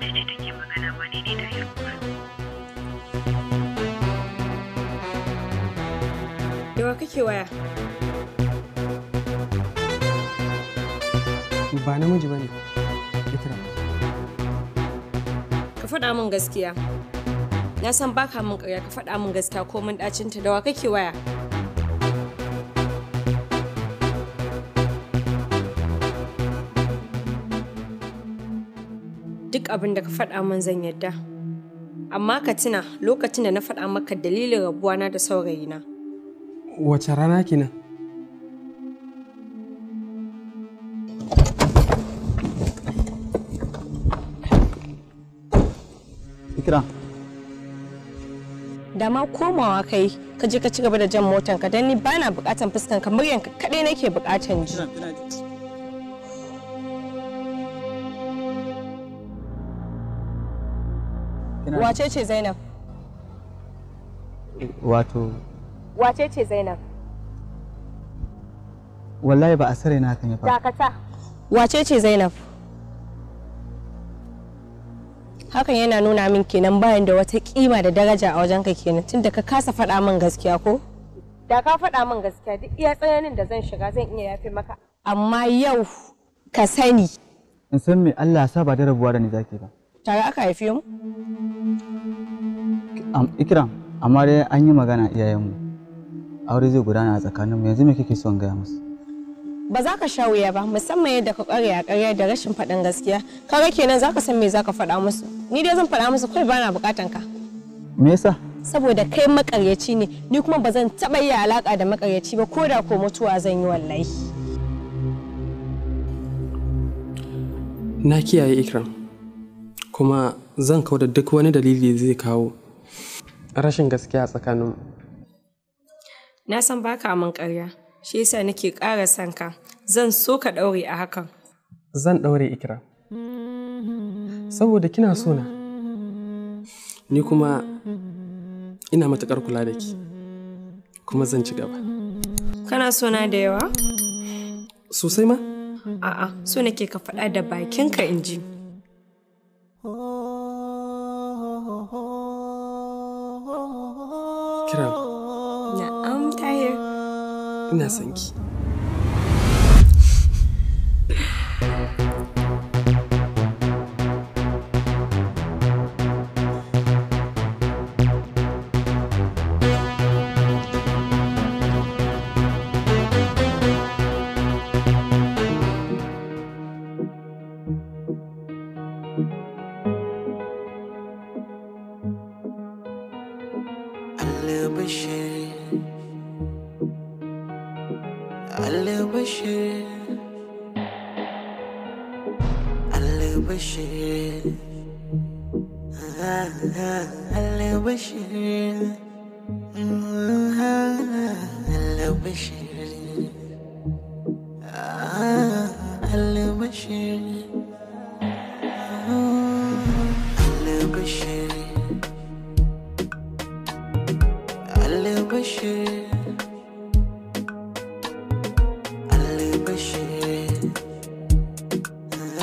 ba namiji ba ne ka faɗa min gaskiya na san baka min ƙarya ka faɗa min gaskiya ko mun ɗacinta da wa kake waya duk abin da ka faɗa min zan yarda amma ka tuna lokacin da na faɗa maka dalilin na da saurayina wace rana kina. Ikira. Da ma komawa kai ka je ka ci gaba da jan motanka don ni bana bukatan fuskanka muryanka kadai nake bukatan ji. wace ce zainab wato wace ce zainab wallahi ba a sare na kan ya fara. dakata wace ce zainab hakan yana nuna min kenan bayan da wata kima da daraja a wajen ka kenan tunda ka kasa faɗa min gaskiya ko da ka faɗa min gaskiya duk iya tsananin da zan shiga zan iya yafe maka amma yau ka sani in san me Allah ya sa ba da rabuwa da ni zaki ba Tare aka haife mu? Ikram, amma dai an yi magana iyayenmu. Aure zai gudana a tsakaninmu yanzu me kike son gaya musu? Ba za ka sha wuya ba musamman yadda ka kware a ƙarya da rashin faɗin gaskiya. Kaga kenan za ka san me za ka faɗa musu. Ni dai zan faɗa musu kawai bana buƙatan ka. Me yasa? Saboda kai makaryaci ne, ni kuma ba zan taɓa yi alaka da makaryaci ba ko da ko mutuwa zan yi wallahi. Na kiyaye Ikram. kuma zan da duk wani dalili zai kawo rashin gaskiya tsakaninmu na san baka amin ƙarya shi yasa nake ƙara son ka zan so ka ɗaure a hakan zan ɗaure ikira saboda kina so na ni kuma ina matuƙar kula da ki kuma zan ci gaba kana so na da yawa sosai ma a'a so nake ka faɗa da bakinka in ji No, I'm tired. Ina son ki. thank you little bit shit. A little bit shit. A little bit shit. A little bit shit. A little bit shit. A little bit shit. A little bit shit.